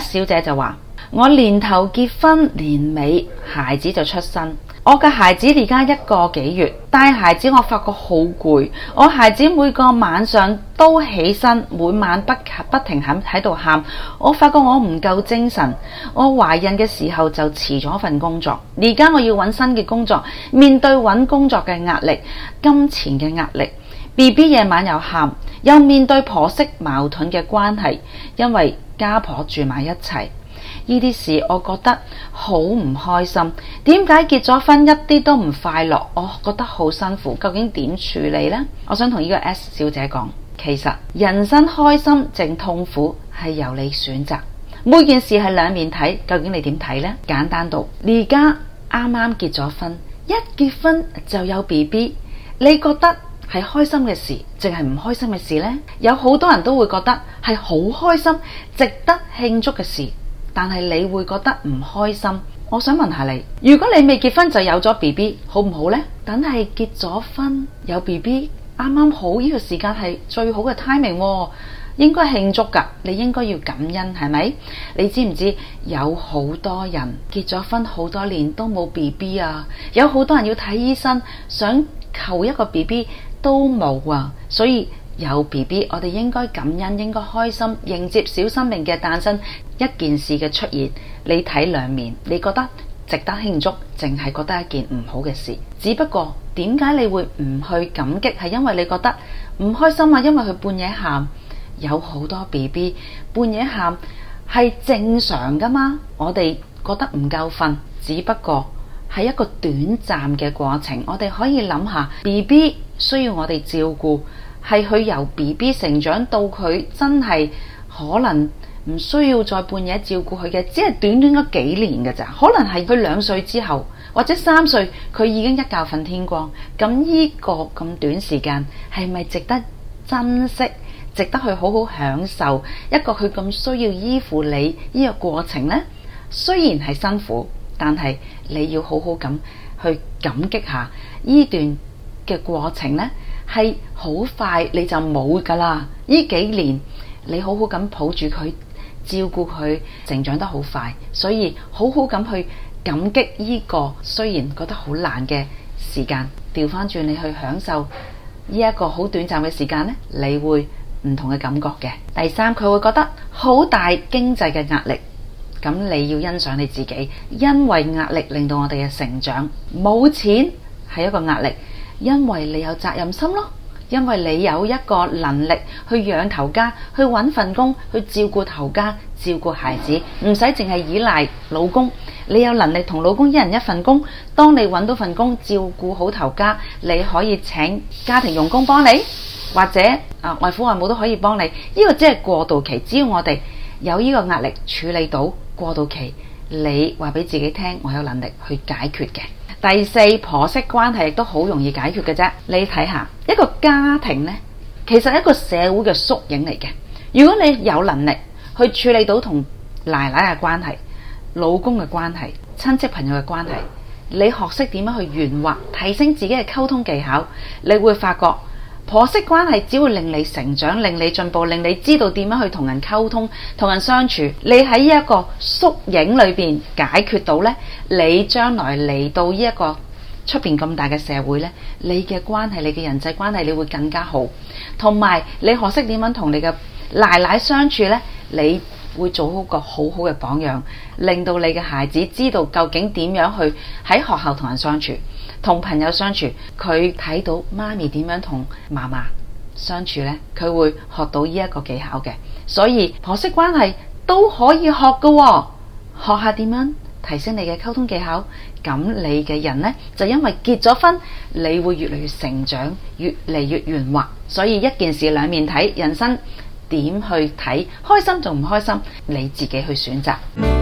小姐就話：我年頭結婚，年尾孩子就出生。我嘅孩子而家一個幾月，帶孩子我發覺好攰。我孩子每個晚上都起身，每晚不不停咁喺度喊。我發覺我唔夠精神。我懷孕嘅時候就辭咗份工作，而家我要搵新嘅工作，面對搵工作嘅壓力、金錢嘅壓力。B B 夜晚又喊，又面對婆媳矛盾嘅關係，因為家婆住埋一齊。呢啲事我覺得好唔開心。點解結咗婚一啲都唔快樂？我覺得好辛苦。究竟點處理呢？我想同呢個 S 小姐講，其實人生開心定痛苦係由你選擇。每件事係兩面睇，究竟你點睇呢？簡單到，而家啱啱結咗婚，一結婚就有 B B，你覺得？係開心嘅事，淨係唔開心嘅事呢。有好多人都會覺得係好開心，值得慶祝嘅事。但係你會覺得唔開心。我想問下你，如果你未結婚就有咗 BB，好唔好呢？等係結咗婚有 BB，啱啱好，呢個時間係最好嘅 timing。哦，應該慶祝㗎。你應該要感恩，係咪？你知唔知有好多人結咗婚好多年都冇 BB 啊？有好多人要睇醫生想。求一個 B B 都冇啊，所以有 B B，我哋應該感恩，應該開心迎接小生命嘅誕生。一件事嘅出現，你睇兩面，你覺得值得慶祝，淨係覺得一件唔好嘅事。只不過點解你會唔去感激？係因為你覺得唔開心啊，因為佢半夜喊，有好多 B B 半夜喊係正常噶嘛。我哋覺得唔夠瞓，只不過。係一個短暫嘅過程，我哋可以諗下 BB 需要我哋照顧，係佢由 BB 成長到佢真係可能唔需要再半夜照顧佢嘅，只係短短嗰幾年㗎咋。可能係佢兩歲之後，或者三歲，佢已經一覺瞓天光。咁呢個咁短時間係咪值得珍惜、值得去好好享受一個佢咁需要依附你呢個過程呢，雖然係辛苦。但係你要好好咁去感激下，呢段嘅過程呢係好快你就冇噶啦。呢幾年你好好咁抱住佢，照顧佢，成長得好快，所以好好咁去感激呢個雖然覺得好難嘅時間，調翻轉你去享受呢一個好短暫嘅時間，呢你會唔同嘅感覺嘅。第三，佢會覺得好大經濟嘅壓力。咁你要欣賞你自己，因為壓力令到我哋嘅成長。冇錢係一個壓力，因為你有責任心咯，因為你有一個能力去養頭家，去揾份工，去照顧頭家，照顧孩子，唔使淨係依賴老公，你有能力同老公一人一份工。當你揾到份工，照顧好頭家，你可以請家庭傭工幫你，或者啊外父外母都可以幫你。呢個只係過渡期，只要我哋有呢個壓力處理到。過渡期，你話俾自己聽，我有能力去解決嘅。第四，婆媳關係都好容易解決嘅啫。你睇下一個家庭呢，其實一個社會嘅縮影嚟嘅。如果你有能力去處理到同奶奶嘅關係、老公嘅關係、親戚朋友嘅關係，你學識點樣去圓滑提升自己嘅溝通技巧，你會發覺。婆媳關係只會令你成長，令你進步，令你知道點樣去同人溝通，同人相處。你喺呢一個縮影裏邊解決到呢，你將來嚟到呢一個出邊咁大嘅社會呢，你嘅關係、你嘅人際關係，你會更加好。同埋你學識點樣同你嘅奶奶相處呢？你。會做好個好好嘅榜樣，令到你嘅孩子知道究竟點樣去喺學校同人相處，同朋友相處。佢睇到媽咪點樣同媽媽相處呢，佢會學到呢一個技巧嘅。所以婆媳關係都可以學㗎喎，學下點樣提升你嘅溝通技巧。咁你嘅人呢，就因為結咗婚，你會越嚟越成長，越嚟越圓滑。所以一件事兩面睇，人生。點去睇開心，仲唔開心？你自己去選擇。